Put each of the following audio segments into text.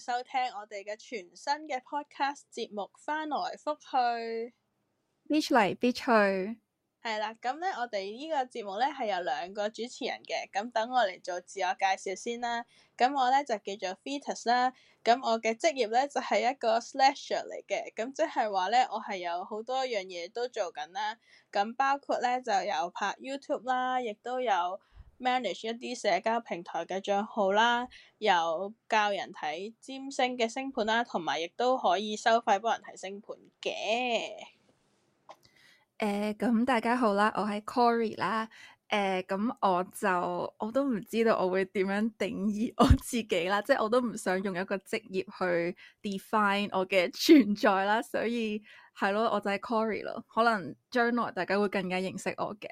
收聽我哋嘅全新嘅 podcast 節目，翻來覆去，bitch 嚟 bitch 去，係啦。咁咧，我哋呢個節目咧係有兩個主持人嘅。咁等我嚟做自我介紹先啦。咁我咧就叫做 Fetus 啦。咁我嘅職業咧就係、是、一個 slasher 嚟嘅。咁即係話咧，我係有好多樣嘢都做緊啦。咁包括咧就有拍 YouTube 啦，亦都有，manage 一啲社交平台嘅賬號啦，有教人睇占星嘅星盤啦，同埋亦都可以收費幫人睇星盤嘅。誒、呃，咁大家好啦，我係 Corey 啦。誒、呃，咁我就我都唔知道我會點樣定義我自己啦，即係我都唔想用一個職業去 define 我嘅存在啦。所以係咯，我就係 Corey 咯。可能將來大家會更加認識我嘅。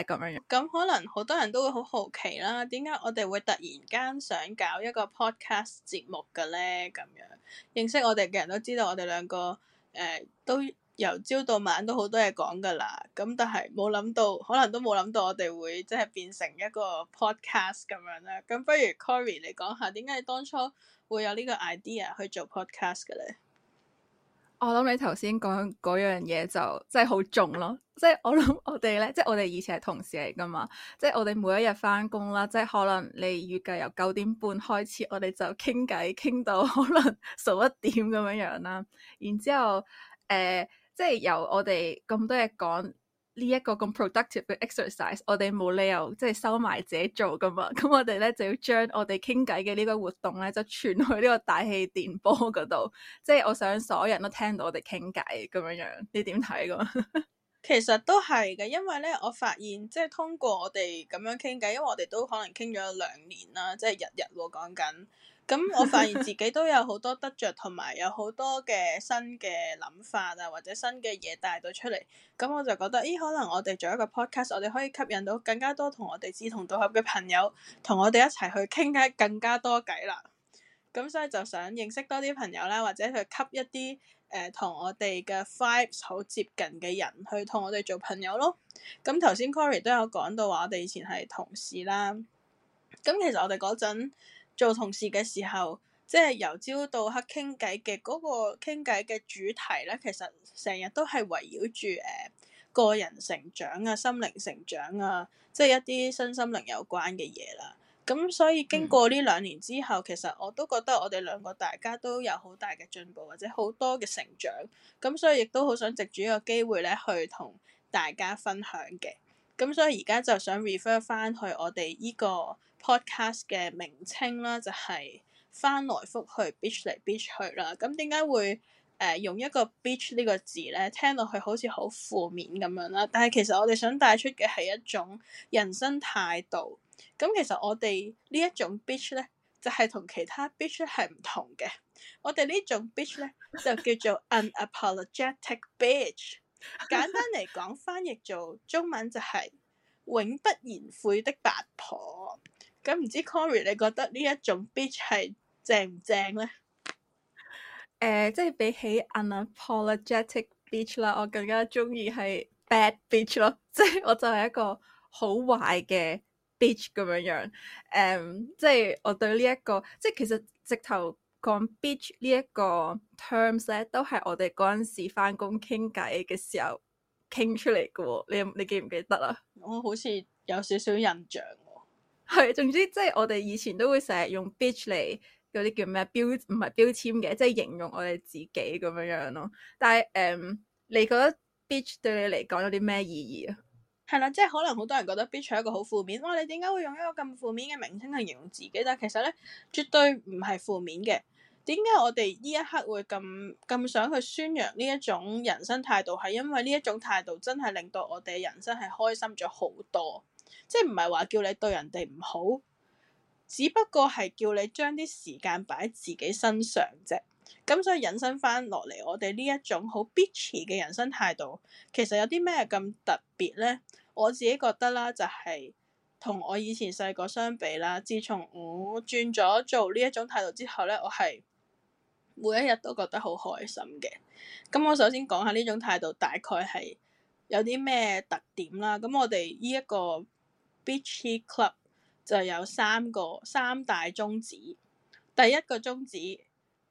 咁可能好多人都會好好奇啦，點解我哋會突然間想搞一個 podcast 節目嘅咧？咁樣認識我哋嘅人都知道，我哋兩個誒、呃、都由朝到晚都好多嘢講噶啦。咁但係冇諗到，可能都冇諗到我哋會即係變成一個 podcast 咁樣啦。咁不如 Corey 嚟講下，點解你當初會有呢個 idea 去做 podcast 嘅咧？我諗你頭先講嗰樣嘢就真係好重咯，即係我諗我哋咧，即係我哋以前係同事嚟噶嘛，即係我哋每一日翻工啦，即係可能你預計由九點半開始，我哋就傾偈傾到可能十一點咁樣樣啦，然之後誒、呃，即係由我哋咁多嘢講。呢一個咁 productive 嘅 exercise，我哋冇理由即係收埋自己做噶嘛。咁我哋咧就要將我哋傾偈嘅呢個活動咧，就傳去呢個大氣電波嗰度，即係我想所有人都聽到我哋傾偈咁樣樣，你點睇咁？ 其實都係嘅，因為咧，我發現即係通過我哋咁樣傾偈，因為我哋都可能傾咗兩年啦，即係日日喎講緊。咁 我發現自己都有好多得着，同埋有好多嘅新嘅諗法啊，或者新嘅嘢帶到出嚟。咁我就覺得，咦、哎，可能我哋做一個 podcast，我哋可以吸引到更加多同我哋志同道合嘅朋友，同我哋一齊去傾解更加多偈啦。咁所以就想認識多啲朋友啦，或者去吸一啲誒同我哋嘅 Vibes 好接近嘅人，去同我哋做朋友咯。咁頭先 Cory 都有講到話，我哋以前係同事啦。咁其實我哋嗰陣。做同事嘅時候，即係由朝到黑傾偈嘅嗰個傾偈嘅主題咧，其實成日都係圍繞住誒個人成長啊、心靈成長啊，即係一啲身心靈有關嘅嘢啦。咁所以經過呢兩年之後，其實我都覺得我哋兩個大家都有好大嘅進步，或者好多嘅成長。咁所以亦都好想藉住呢個機會咧，去同大家分享嘅。咁所以而家就想 refer 翻去我哋呢個。podcast 嘅名稱啦，就係、是、翻來覆去，bitch 嚟 bitch 去啦。咁點解會誒、呃、用一個 bitch 呢、這個字咧？聽落去好似好負面咁樣啦。但係其實我哋想帶出嘅係一種人生態度。咁其實我哋呢一種 bitch 咧，就係、是、同其他 bitch 係唔同嘅。我哋呢種 bitch 咧，就叫做 unapologetic bitch。簡單嚟講，翻譯做中文就係、是、永不言悔的八婆。咁唔知 Cory 你覺得呢一種 bitch 係正唔正咧？誒，uh, 即係比起 unapologetic bitch 啦，我更加中意係 bad bitch 咯，即係我就係一個好壞嘅 bitch 咁樣樣，誒，um，即係我對呢一個，即係其實直頭講 bitch 呢一個 terms 咧，都係我哋陣時翻工傾偈嘅時候傾出嚟嘅喎。你你記唔記得啊？我好似有少少印象。係，總之即係我哋以前都會成日用 bitch 嚟嗰啲叫咩標唔係標籤嘅，即係形容我哋自己咁樣樣咯。但係誒、嗯，你覺得 bitch 對你嚟講有啲咩意義啊？係啦，即係可能好多人覺得 bitch 係一個好負面，我哋點解會用一個咁負面嘅名稱去形容自己？但係其實咧，絕對唔係負面嘅。點解我哋呢一刻會咁咁想去宣揚呢一種人生態度？係因為呢一種態度真係令到我哋嘅人生係開心咗好多。即係唔係話叫你對人哋唔好，只不過係叫你將啲時間擺喺自己身上啫。咁所以引申翻落嚟，我哋呢一種好 bitch 嘅人生態度，其實有啲咩咁特別咧？我自己覺得啦，就係同我以前細個相比啦，自從我轉咗做呢一種態度之後咧，我係每一日都覺得好開心嘅。咁我首先講下呢種態度大概係有啲咩特點啦。咁我哋呢一個。Bitchy Club 就有三個三大宗旨。第一個宗旨，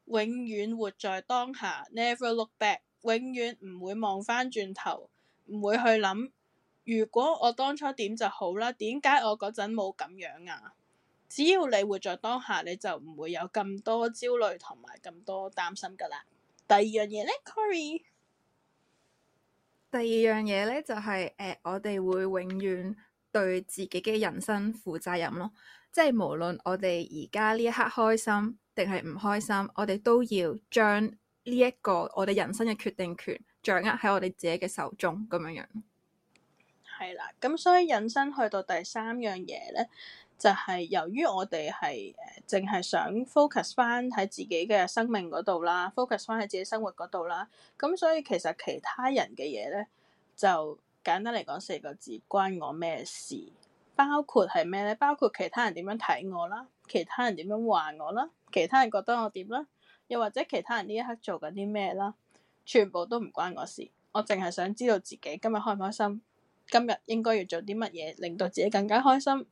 永遠活在當下，never look back，永遠唔會望返轉頭，唔會去諗如果我當初點就好啦，點解我嗰陣冇咁樣啊？只要你活在當下，你就唔會有咁多焦慮同埋咁多擔心噶啦。第二樣嘢咧，Corey，e 第二樣嘢咧就係、是、誒、呃，我哋會永遠對自己嘅人生負責任咯，即係無論我哋而家呢一刻開心定係唔開心，我哋都要將呢一個我哋人生嘅決定權掌握喺我哋自己嘅手中咁樣樣。係啦，咁所以引申去到第三樣嘢咧，就係由於我哋係誒淨係想 focus 翻喺自己嘅生命嗰度啦，focus 翻喺自己生活嗰度啦，咁所以其實其他人嘅嘢咧就。簡單嚟講四個字，關我咩事？包括係咩咧？包括其他人點樣睇我啦，其他人點樣話我啦，其他人覺得我點啦，又或者其他人呢一刻做緊啲咩啦，全部都唔關我事。我淨係想知道自己今日開唔開心，今日應該要做啲乜嘢令到自己更加開心，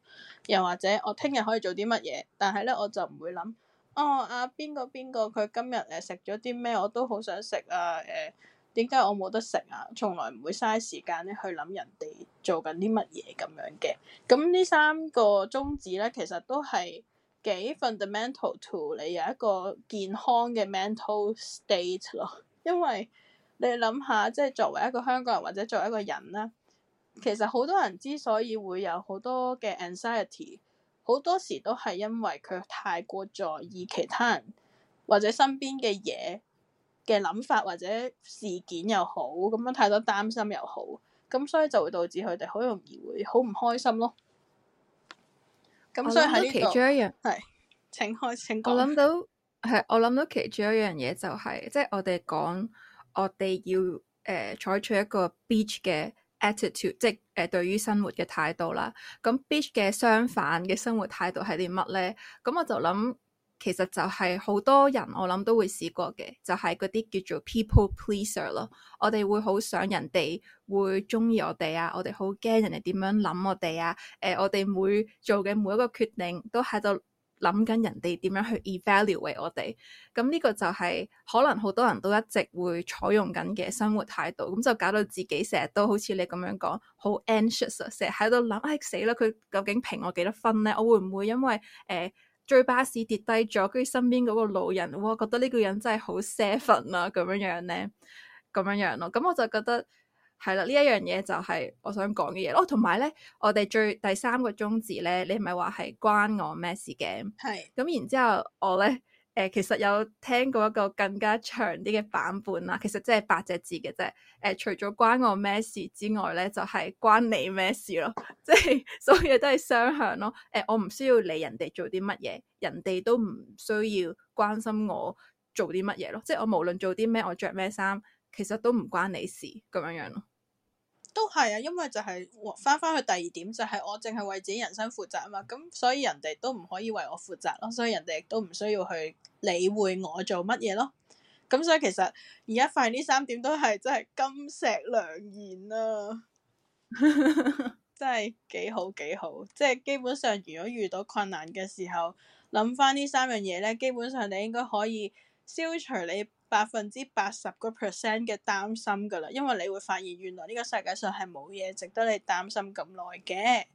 又或者我聽日可以做啲乜嘢。但係咧我就唔會諗，哦，啊，邊個邊個佢今日誒，食咗啲咩我都好想食啊誒。呃點解我冇得食啊？從來唔會嘥時間咧去諗人哋做緊啲乜嘢咁樣嘅。咁呢三個宗旨咧，其實都係幾 fundamental to 你有一個健康嘅 mental state 咯。因為你諗下，即係作為一個香港人或者作為一個人咧，其實好多人之所以會有好多嘅 anxiety，好多時都係因為佢太過在意其他人或者身邊嘅嘢。嘅諗法或者事件又好，咁樣太多擔心又好，咁所以就會導致佢哋好容易會好唔開心咯。咁所以其中一樣係請開請講。我諗到係我諗到其中一樣嘢就係、是，即係我哋講我哋要誒、呃、採取一個 bitch 嘅 attitude，即係誒、呃、對於生活嘅態度啦。咁 bitch 嘅相反嘅生活態度係啲乜咧？咁我就諗。其實就係好多人，我諗都會試過嘅，就係嗰啲叫做 people pleaser 咯。我哋會好想人哋會中意我哋啊，我哋好驚人哋點樣諗我哋啊。誒、呃，我哋每做嘅每一個決定，都喺度諗緊人哋點樣去 evaluate 我哋。咁呢個就係可能好多人都一直會採用緊嘅生活態度，咁就搞到自己成日都好似你咁樣講，好 anxious，成、啊、日喺度諗，唉、哎、死啦！佢究竟評我幾多分呢？我會唔會因為誒？呃追巴士跌低咗，跟住身邊嗰個老人，哇我覺得呢個人真係好柒啊。咁樣呢樣咧，咁樣樣咯，咁我就覺得係啦，呢、嗯、一樣嘢就係我想講嘅嘢咯。同埋咧，我哋最第三個宗旨咧，你係咪話係關我咩事嘅？係咁是，然之後我咧。誒，其實有聽過一個更加長啲嘅版本啦，其實即係八隻字嘅啫。誒、呃，除咗關我咩事之外咧，就係關你咩事咯，即係所有都係雙向咯。誒、呃，我唔需要理人哋做啲乜嘢，人哋都唔需要關心我做啲乜嘢咯。即係我無論做啲咩，我着咩衫，其實都唔關你事咁樣樣咯。都係啊，因為就係翻翻去第二點就係、是、我淨係為自己人生負責啊嘛，咁所以人哋都唔可以為我負責咯，所以人哋亦都唔需要去理會我做乜嘢咯。咁所以其實而家發現呢三點都係真係金石良言啊， 真係幾好幾好，即係基本上如果遇到困難嘅時候，諗翻呢三樣嘢咧，基本上你應該可以消除你。百分之八十個 percent 嘅擔心噶啦，因為你會發現原來呢個世界上係冇嘢值得你擔心咁耐嘅。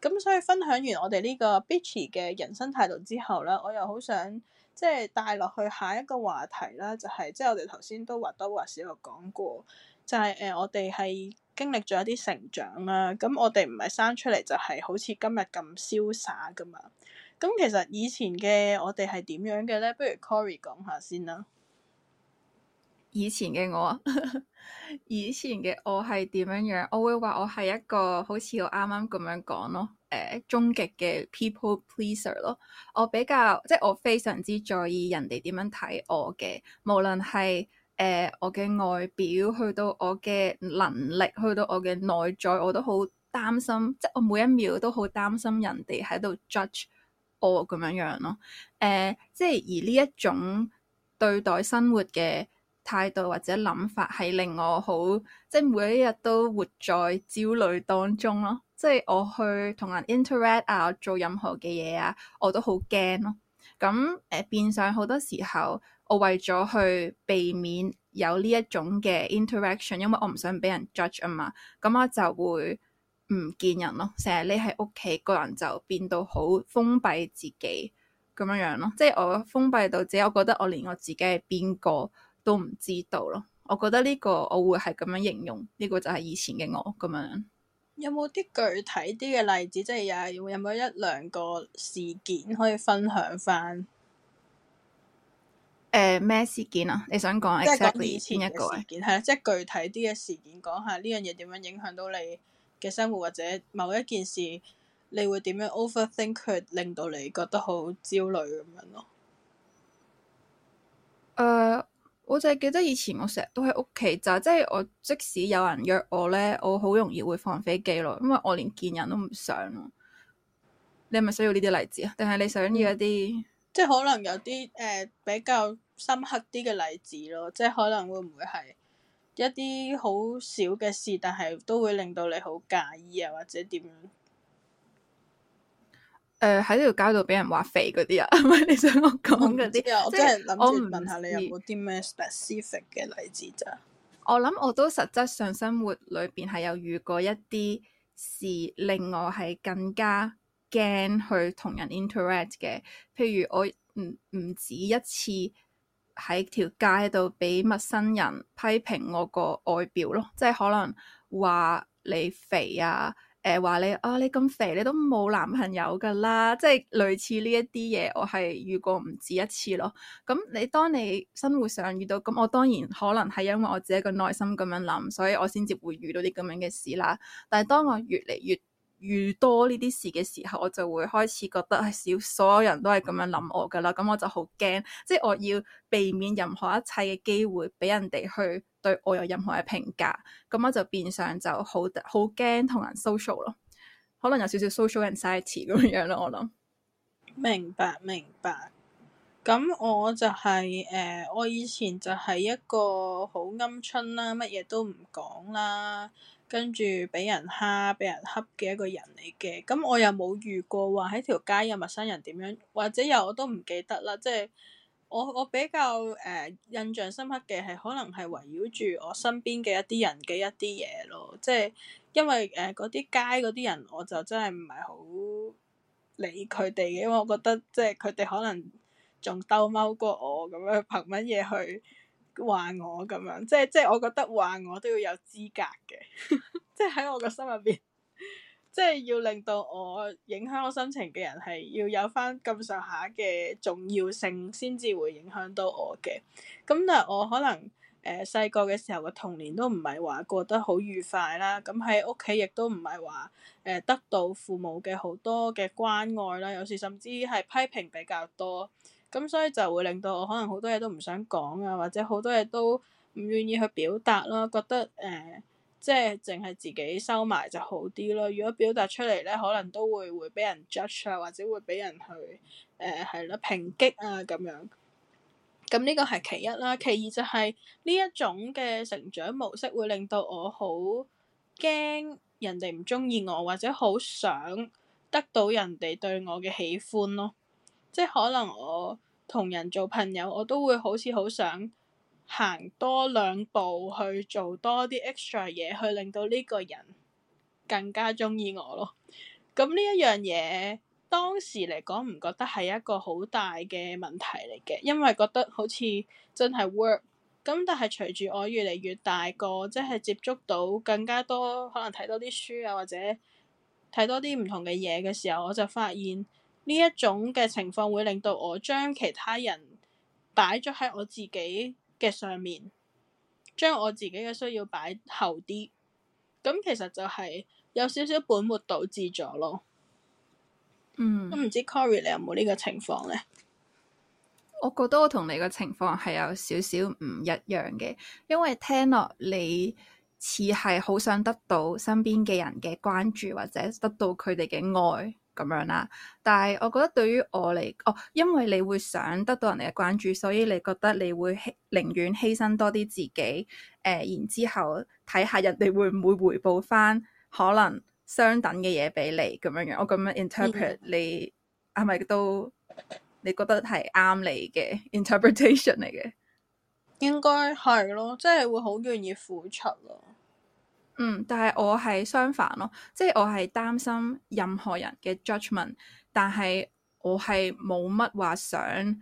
咁所以分享完我哋呢個 Bitch 嘅人生態度之後咧，我又好想即係帶落去下一個話題啦，就係、是、即係我哋頭先都或多或少有講過，就係、是、誒、呃、我哋係經歷咗一啲成長啦。咁我哋唔係生出嚟就係好似今日咁瀟灑噶嘛。咁其實以前嘅我哋係點樣嘅咧？不如 Cory 講下先啦。以前嘅我啊， 以前嘅我係點樣樣？我會話我係一個好似我啱啱咁樣講咯，誒、呃，終極嘅 people pleaser 咯。我比較即係我非常之在意人哋點樣睇我嘅，無論係誒、呃、我嘅外表，去到我嘅能力，去到我嘅內在，我都好擔心，即係我每一秒都好擔心人哋喺度 judge 我咁樣樣咯。誒、呃，即係而呢一種對待生活嘅。態度或者諗法係令我好，即係每一日都活在焦慮當中咯。即係我去同人 interact 啊，做任何嘅嘢啊，我都好驚咯。咁誒、呃、變相好多時候，我為咗去避免有呢一種嘅 interaction，因為我唔想俾人 judge 啊嘛。咁我就會唔見人咯，成日匿喺屋企，個人就變到好封閉自己咁樣樣咯。即係我封閉到自己，我覺得我連我自己係邊個都唔知道咯。我覺得呢個我會係咁樣形容，呢、這個就係以前嘅我咁樣。有冇啲具體啲嘅例子，即係有有冇一兩個事件可以分享返？誒、呃，咩事件啊？你想講，即係講以前嘅事件係啦，即係具體啲嘅事件，講下呢樣嘢點樣影響到你嘅生活，或者某一件事，你會點樣 overthink 佢，令到你覺得好焦慮咁樣咯？誒。Uh, 我就係記得以前我成日都喺屋企就即、是、係我即使有人約我咧，我好容易會放飛機咯，因為我連見人都唔想。你係咪需要呢啲例子啊？定係你想要一啲、嗯、即係可能有啲誒、呃、比較深刻啲嘅例子咯，即係可能會唔會係一啲好少嘅事，但係都會令到你好介意啊，或者點樣？誒，喺條街度俾人話肥嗰啲啊， 你想我講嗰啲啊？我真係諗住問下你有冇啲咩 specific 嘅例子咋？我諗我，我都實質上生活裏邊係有遇過一啲事，令我係更加驚去同人 interact 嘅。譬如我唔唔止一次喺條街度俾陌生人批評我個外表咯，即係可能話你肥啊。誒，話、呃、你啊、哦，你咁肥，你都冇男朋友噶啦，即係類似呢一啲嘢，我係遇過唔止一次咯。咁、嗯、你當你生活上遇到，咁我當然可能係因為我自己個內心咁樣諗，所以我先至會遇到啲咁樣嘅事啦。但係當我越嚟越，遇多呢啲事嘅時候，我就會開始覺得，係少所有人都係咁樣諗我㗎喇，咁我就好驚，即係我要避免任何一切嘅機會俾人哋去對我有任何嘅評價，咁我就變相就好好驚同人 social 咯，可能有少少 social anxiety 咁樣咯，我諗。明白明白，咁我就係、是、誒、呃，我以前就係一個好鵪鶉啦，乜嘢都唔講啦。跟住俾人蝦、俾人恰嘅一個人嚟嘅，咁我又冇遇過話喺條街有陌生人點樣，或者又我都唔記得啦，即係我我比較誒、uh, 印象深刻嘅係可能係圍繞住我身邊嘅一啲人嘅一啲嘢咯，即係因為誒嗰啲街嗰啲人我就真係唔係好理佢哋嘅，因為我覺得即係佢哋可能仲兜踎過我咁樣憑乜嘢去？話我咁樣，即係即係我覺得話我都要有資格嘅， 即係喺我個心入邊，即係要令到我影響我心情嘅人係要有返咁上下嘅重要性先至會影響到我嘅。咁但係我可能誒細個嘅時候嘅童年都唔係話過得好愉快啦，咁喺屋企亦都唔係話誒得到父母嘅好多嘅關愛啦，有時甚至係批評比較多。咁所以就會令到我可能好多嘢都唔想講啊，或者好多嘢都唔願意去表達咯、啊，覺得誒、呃、即係淨係自己收埋就好啲咯。如果表達出嚟咧，可能都會會俾人 judge 啊，或者會俾人去誒係咯抨擊啊咁樣。咁呢個係其一啦，其二就係、是、呢一種嘅成長模式會令到我好驚人哋唔中意我，或者好想得到人哋對我嘅喜歡咯。即係可能我同人做朋友，我都會好似好想行多兩步去做多啲 extra 嘢，去令到呢個人更加中意我咯。咁呢一樣嘢當時嚟講唔覺得係一個好大嘅問題嚟嘅，因為覺得好似真係 work。咁但係隨住我越嚟越大個，即係接觸到更加多，可能睇多啲書啊，或者睇多啲唔同嘅嘢嘅時候，我就發現。呢一種嘅情況會令到我將其他人擺咗喺我自己嘅上面，將我自己嘅需要擺後啲。咁其實就係有少少本末倒置咗咯。嗯，咁唔知 Cory 你有冇呢個情況咧？我覺得我同你個情況係有少少唔一樣嘅，因為聽落你似係好想得到身邊嘅人嘅關注，或者得到佢哋嘅愛。咁樣啦，但係我覺得對於我嚟，哦，因為你會想得到人哋嘅關注，所以你覺得你會寧願犧牲多啲自己，誒、呃，然之後睇下人哋會唔會回報翻可能相等嘅嘢俾你咁樣樣。我咁樣 interpret 你係咪、嗯、都你覺得係啱你嘅 interpretation 嚟嘅？應該係咯，即係會好願意付出咯。嗯，但係我係相反咯，即係我係擔心任何人嘅 judgment，但係我係冇乜話想誒、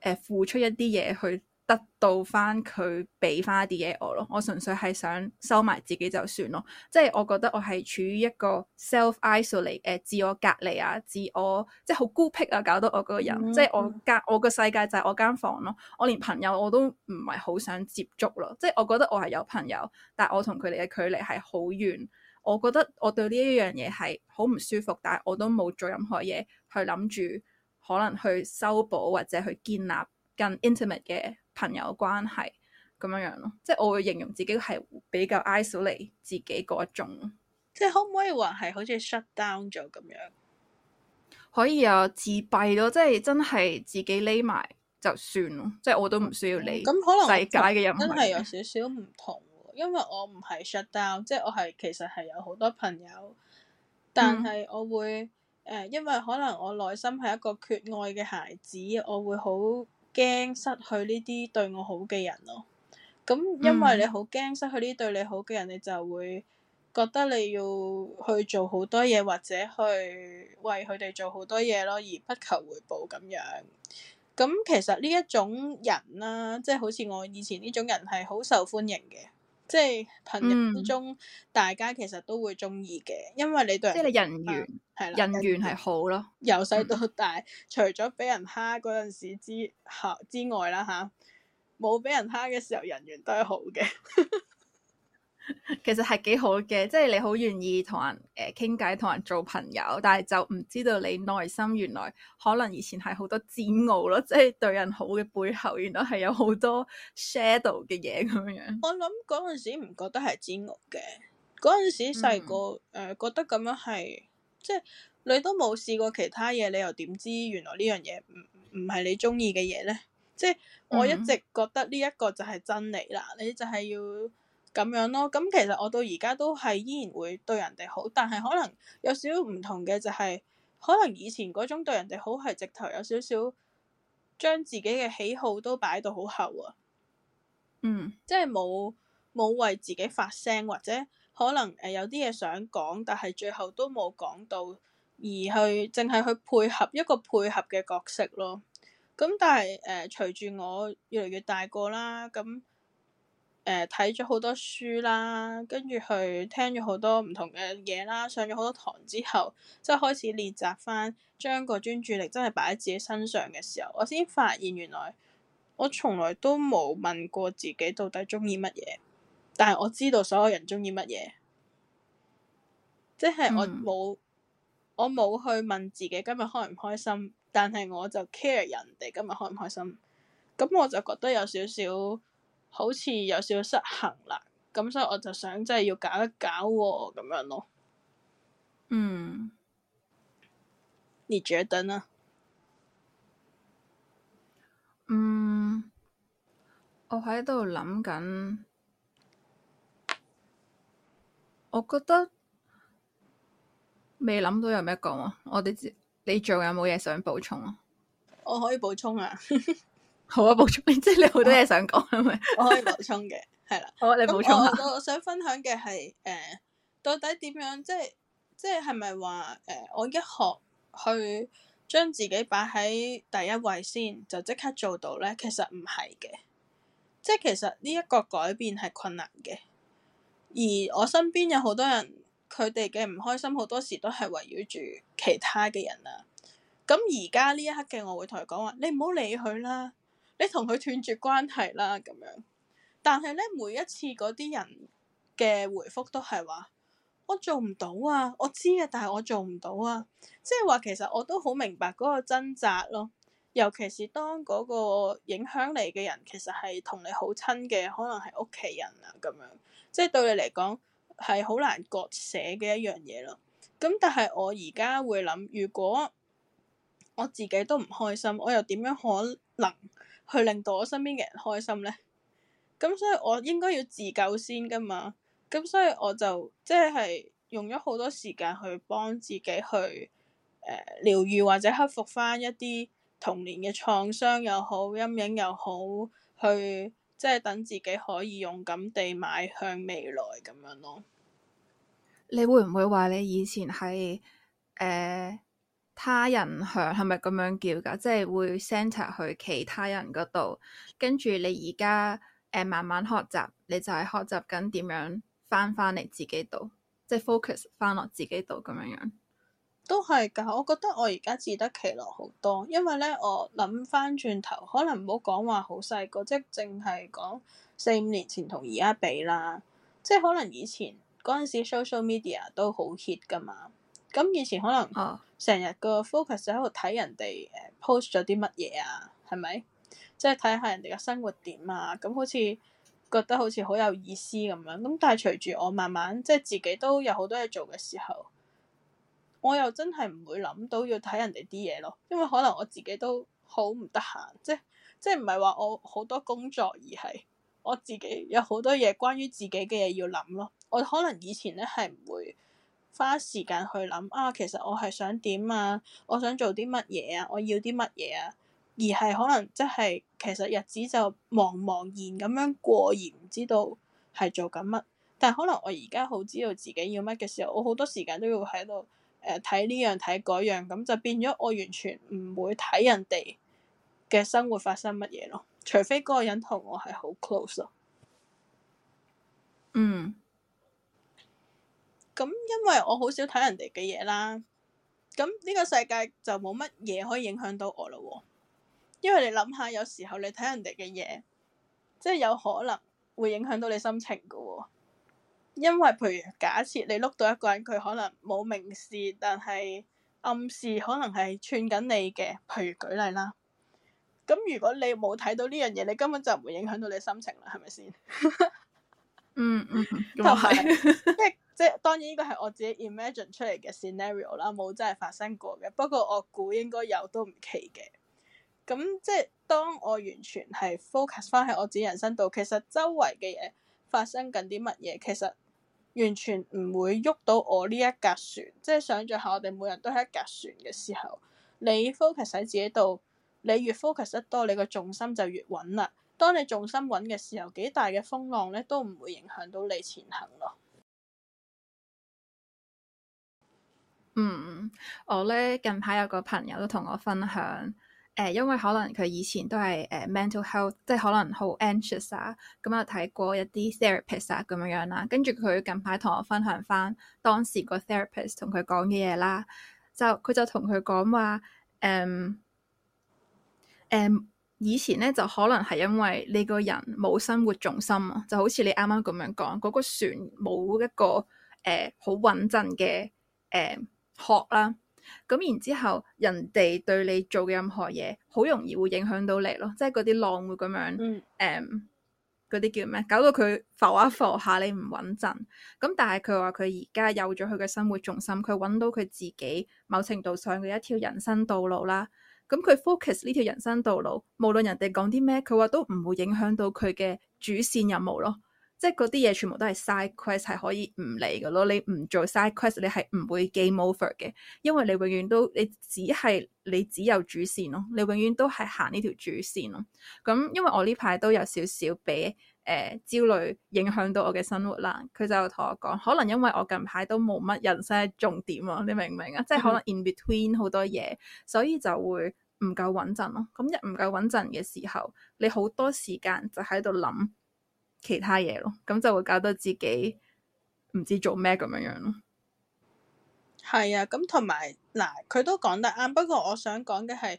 呃、付出一啲嘢去得到翻佢俾翻啲嘢我咯，我純粹係想收埋自己就算咯。即係我覺得我係處於一個 self isolate 誒自我隔離啊，自我即係好孤僻啊，搞到我個人，mm hmm. 即係我間我個世界就係我間房咯。我連朋友我都唔係好想接觸咯。即係我覺得我係有朋友，但我同佢哋嘅距離係好遠。我覺得我對呢一樣嘢係好唔舒服，但係我都冇做任何嘢去諗住可能去修補或者去建立更 intimate 嘅。朋友關係咁樣樣咯，即係我會形容自己係比較 isolated 自己嗰一種，即係可唔可以話係好似 shutdown 咗咁樣？可以啊，自閉咯，即係真係自己匿埋就算咯，嗯、即係我都唔需要理咁、嗯、可能世界嘅人真係有少少唔同，因為我唔係 shutdown，即係我係其實係有好多朋友，但係我會誒，嗯、因為可能我內心係一個缺愛嘅孩子，我會好驚失去呢啲對我好嘅人咯，咁因為你好驚失去呢啲對你好嘅人，你就會覺得你要去做好多嘢，或者去為佢哋做好多嘢咯，而不求回報咁樣。咁其實呢一種人啦，即係好似我以前呢種人係好受歡迎嘅。即係朋友之中，嗯、大家其實都會中意嘅，因為你對人，即係你人緣係啦，了人緣係好咯。由細到大，嗯、除咗俾人蝦嗰陣時之後之外啦，吓冇俾人蝦嘅時候，人緣都係好嘅。 其實係幾好嘅，即係你好願意同人誒傾偈，同人做朋友，但係就唔知道你內心原來可能以前係好多煎熬咯，即係對人好嘅背後，原來係有好多 shadow 嘅嘢咁樣。我諗嗰陣時唔覺得係煎熬嘅，嗰陣時細個誒覺得咁樣係，即係你都冇試過其他嘢，你又點知原來呢樣嘢唔唔係你中意嘅嘢咧？即係我一直覺得呢一個就係真理啦，你就係要。咁樣咯，咁其實我到而家都係依然會對人哋好，但係可能有少少唔同嘅就係、是，可能以前嗰種對人哋好係直頭有少少將自己嘅喜好都擺到好後啊，嗯，即係冇冇為自己發聲，或者可能誒有啲嘢想講，但係最後都冇講到，而去淨係去配合一個配合嘅角色咯。咁但係誒、呃，隨住我越嚟越大個啦，咁、嗯。誒，睇咗好多書啦，跟住去聽咗好多唔同嘅嘢啦，上咗好多堂之後，即係開始練習翻，將個專注力真係擺喺自己身上嘅時候，我先發現原來我從來都冇問過自己到底中意乜嘢，但係我知道所有人中意乜嘢，即係我冇、嗯、我冇去問自己今日開唔開心，但係我就 care 人哋今日開唔開心，咁我就覺得有少少。好似有少少失衡啦，咁所以我就想真係要搞一搞喎、哦，咁樣咯。嗯，你覺得呢？嗯，我喺度諗緊，我覺得未諗到有咩講啊！我哋你仲有冇嘢想補充啊？我可以補充啊！ 好啊，補充，即係你好多嘢想講，係咪我？ 我可以補充嘅，係啦。好 那，啊，你補充。我想分享嘅係，誒、呃，到底點樣？即係，即係係咪話，誒、呃，我一學去將自己擺喺第一位先，就即刻做到咧？其實唔係嘅，即係其實呢一個改變係困難嘅。而我身邊有好多人，佢哋嘅唔開心好多時都係圍繞住其他嘅人啦、啊。咁而家呢一刻嘅我，會同佢講話，你唔好理佢啦。你同佢斷絕關係啦，咁樣。但係咧，每一次嗰啲人嘅回覆都係話我做唔到啊。我知啊，但係我做唔到啊。即係話，其實我都好明白嗰個掙扎咯。尤其是當嗰個影響你嘅人，其實係同你好親嘅，可能係屋企人啊，咁樣。即係對你嚟講係好難割捨嘅一樣嘢咯。咁但係我而家會諗，如果我自己都唔開心，我又點樣可能？去令到我身邊嘅人開心呢？咁所以我應該要自救先噶嘛，咁所以我就即係用咗好多時間去幫自己去誒、呃、療愈或者克服翻一啲童年嘅創傷又好陰影又好，去即係等自己可以勇敢地邁向未來咁樣咯。你會唔會話你以前係誒他人向係咪咁樣叫㗎？即係會 center 去其他人嗰度，跟住你而家誒慢慢學習，你就係學習緊點樣翻翻嚟自己度，即係 focus 翻落自己度咁樣樣都係㗎。我覺得我而家自得其樂好多，因為咧我諗翻轉頭，可能唔好講話好細個，即係淨係講四五年前同而家比啦，即係可能以前嗰陣時 social media 都好 hit 㗎嘛。咁以前可能成日個 focus 喺度睇人哋誒 post 咗啲乜嘢啊，係咪？即係睇下人哋嘅生活點啊，咁好似覺得好似好有意思咁樣。咁但係隨住我慢慢即係自己都有好多嘢做嘅時候，我又真係唔會諗到要睇人哋啲嘢咯。因為可能我自己都好唔得閒，即係即係唔係話我好多工作，而係我自己有好多嘢關於自己嘅嘢要諗咯。我可能以前咧係唔會，花時間去諗啊，其實我係想點啊，我想做啲乜嘢啊，我要啲乜嘢啊，而係可能即係其實日子就茫茫然咁樣過，而唔知道係做緊乜。但係可能我而家好知道自己要乜嘅時候，我好多時間都要喺度誒睇呢樣睇嗰樣，咁就變咗我完全唔會睇人哋嘅生活發生乜嘢咯，除非嗰個人同我係好 close 咯。嗯。咁因為我好少睇人哋嘅嘢啦，咁呢個世界就冇乜嘢可以影響到我啦喎。因為你諗下，有時候你睇人哋嘅嘢，即係有可能會影響到你心情噶喎。因為譬如假設你碌到一個人，佢可能冇明示，但係暗示可能係串緊你嘅。譬如舉例啦，咁如果你冇睇到呢樣嘢，你根本就唔會影響到你心情啦，係咪先？嗯嗯，就係即係。有 即係當然，呢個係我自己 imagine 出嚟嘅 scenario 啦，冇真係發生過嘅。不過我估應該有都唔奇嘅。咁即係當我完全係 focus 翻喺我自己人生度，其實周圍嘅嘢發生緊啲乜嘢，其實完全唔會喐到我呢一格船。即係想像下，我哋每人都係一格船嘅時候，你 focus 喺自己度，你越 focus 得多，你個重心就越穩啦。當你重心穩嘅時候，幾大嘅風浪咧都唔會影響到你前行咯。嗯，我呢近排有個朋友都同我分享，誒、呃，因為可能佢以前都係誒、呃、mental health，即係可能好 anxious 啊，咁又睇過一啲 therapist 啊咁樣樣、啊、啦，跟住佢近排同我分享翻當時個 therapist 同佢講嘅嘢啦，就佢就同佢講話，誒、嗯，誒、嗯，以前呢就可能係因為你個人冇生活重心啊，就好似你啱啱咁樣講，嗰、嗰個船冇一個誒好穩陣嘅誒。呃學啦，咁然之後人哋對你做嘅任何嘢，好容易會影響到你咯，即係嗰啲浪會咁樣，誒、嗯，嗰啲、嗯、叫咩？搞到佢浮一浮下，你唔穩陣。咁但係佢話佢而家有咗佢嘅生活重心，佢揾到佢自己某程度上嘅一條人生道路啦。咁佢 focus 呢條人生道路，無論人哋講啲咩，佢話都唔會影響到佢嘅主線任務咯。即係嗰啲嘢，全部都係 side quest 係可以唔嚟嘅咯。你唔做 side quest，你係唔會 game over 嘅，因為你永遠都你只係你只有主線咯。你永遠都係行呢條主線咯。咁、嗯、因為我呢排都有少少俾誒焦慮影響到我嘅生活啦。佢就同我講，可能因為我近排都冇乜人生重點啊，你明唔明啊？即係可能 in between 好多嘢，所以就會唔夠穩陣咯。咁、嗯嗯、一唔夠穩陣嘅時候，你好多時間就喺度諗。其他嘢咯，咁就會搞到自己唔知做咩咁樣樣咯。係啊，咁同埋嗱，佢都講得啱。不過我想講嘅係，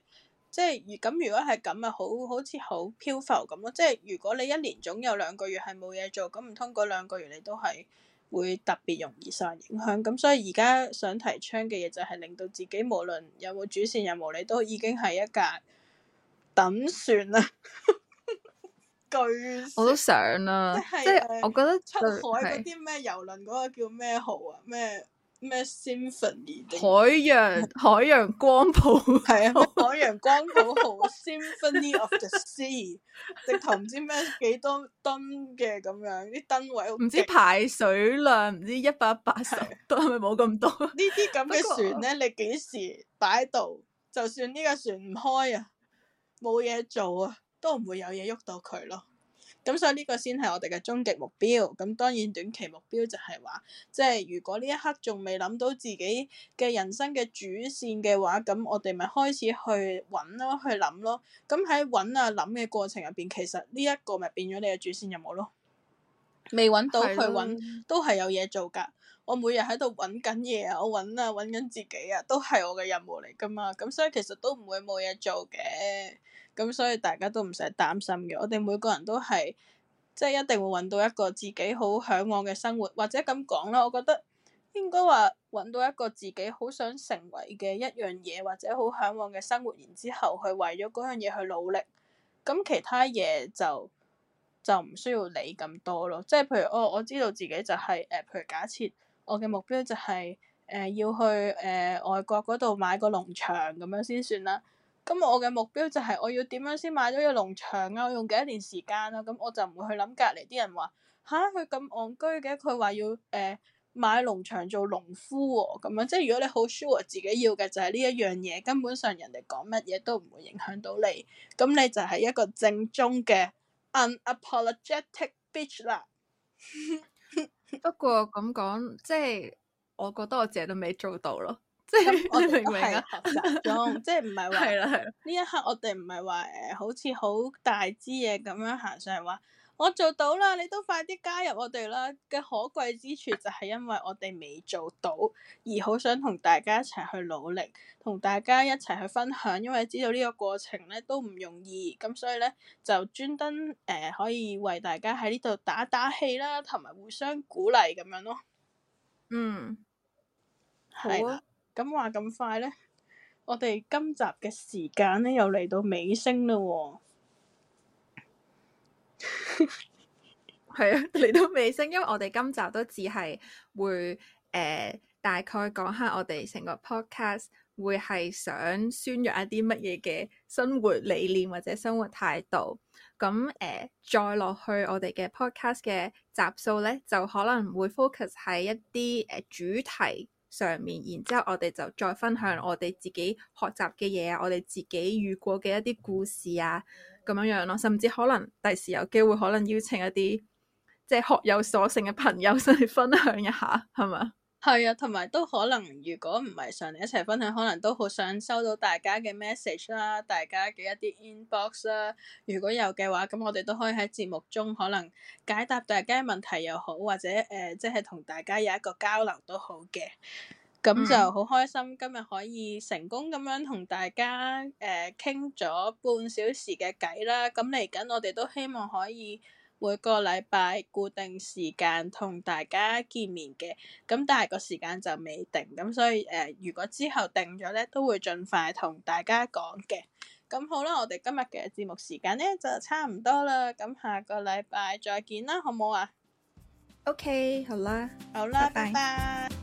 即係咁如果係咁啊，好好似好漂浮咁咯。即係如果你一年總有兩個月係冇嘢做，咁唔通嗰兩個月你都係會特別容易受影響。咁所以而家想提倡嘅嘢就係令到自己無論有冇主線任務，你都已經係一架等算啦。 我都想啦，即係我覺得出海嗰啲咩遊輪嗰個叫咩號啊？咩咩 Symphony 海洋海洋光譜係啊，海洋光譜號 Symphony of the Sea，直頭唔知咩幾多噸嘅咁樣啲燈位，唔知排水量唔知一百八十噸係咪冇咁多？呢啲咁嘅船咧，你幾時擺喺度？就算呢個船唔開啊，冇嘢做啊。都唔會有嘢喐到佢咯，咁所以呢個先係我哋嘅終極目標。咁當然短期目標就係話，即係如果呢一刻仲未諗到自己嘅人生嘅主線嘅話，咁我哋咪開始去揾咯，去諗咯。咁喺揾啊諗嘅過程入邊，其實呢一個咪變咗你嘅主線任務咯。未揾到佢揾的都係有嘢做㗎。我每日喺度揾緊嘢啊，我揾啊揾緊自己啊，都係我嘅任務嚟噶嘛。咁所以其實都唔會冇嘢做嘅。咁所以大家都唔使擔心嘅，我哋每個人都係即係一定會揾到一個自己好嚮往嘅生活，或者咁講啦，我覺得應該話揾到一個自己好想成為嘅一樣嘢，或者好嚮往嘅生活，然之後去為咗嗰樣嘢去努力，咁其他嘢就就唔需要理咁多咯。即係譬如我、哦、我知道自己就係、是、誒，譬如假設我嘅目標就係、是、誒、呃、要去誒、呃、外國嗰度買個農場咁樣先算啦。咁我嘅目標就係我要點樣先買到個農場啊？我用幾多年時間啊？咁我就唔會去諗隔離啲人話吓，佢咁昂居嘅，佢話要誒、呃、買農場做農夫喎、啊、咁樣。即係如果你好 sure 自己要嘅就係呢一樣嘢，根本上人哋講乜嘢都唔會影響到你。咁你就係一個正宗嘅 unapologetic bitch 啦。 不過咁講，即係我覺得我自己都未做到咯。即係我哋都係嗰種，即係唔係話呢一刻我哋唔係話誒好似好大支嘢，咁樣行上嚟話我做到啦，你都快啲加入我哋啦嘅可貴之處就係因為我哋未做到而好想同大家一齊去努力，同大家一齊去分享，因為知道呢個過程咧都唔容易，咁所以咧就專登誒可以為大家喺呢度打打氣啦，同埋互相鼓勵咁樣咯。嗯，係啦。 咁話咁快咧，我哋今集嘅時間咧又嚟到尾聲啦，哦，喎係 啊，嚟到尾聲，因為我哋今集都只係會誒、呃、大概講下我哋成個 podcast 會係想宣揚一啲乜嘢嘅生活理念或者生活態度。咁誒、呃，再落去我哋嘅 podcast 嘅集數咧，就可能會 focus 喺一啲誒主題。上面，然之後我哋就再分享我哋自己學習嘅嘢啊，我哋自己遇過嘅一啲故事啊，咁樣樣、啊、咯，甚至可能第時有機會，可能邀請一啲即係學有所成嘅朋友上嚟分享一下，係嘛？係啊，同埋都可能，如果唔係上嚟一齊分享，可能都好想收到大家嘅 message 啦，大家嘅一啲 inbox 啦。如果有嘅話，咁我哋都可以喺節目中可能解答大家問題又好，或者誒，即係同大家有一個交流都好嘅。咁就好開心，嗯、今日可以成功咁樣同大家誒傾咗半小時嘅偈啦。咁嚟緊我哋都希望可以。每個禮拜固定時間同大家見面嘅，咁但係個時間就未定，咁所以誒、呃，如果之後定咗咧，都會盡快同大家講嘅。咁好啦，我哋今日嘅節目時間咧就差唔多啦，咁下個禮拜再見啦，好唔好啊？OK，好啦，好啦了，拜拜。拜拜。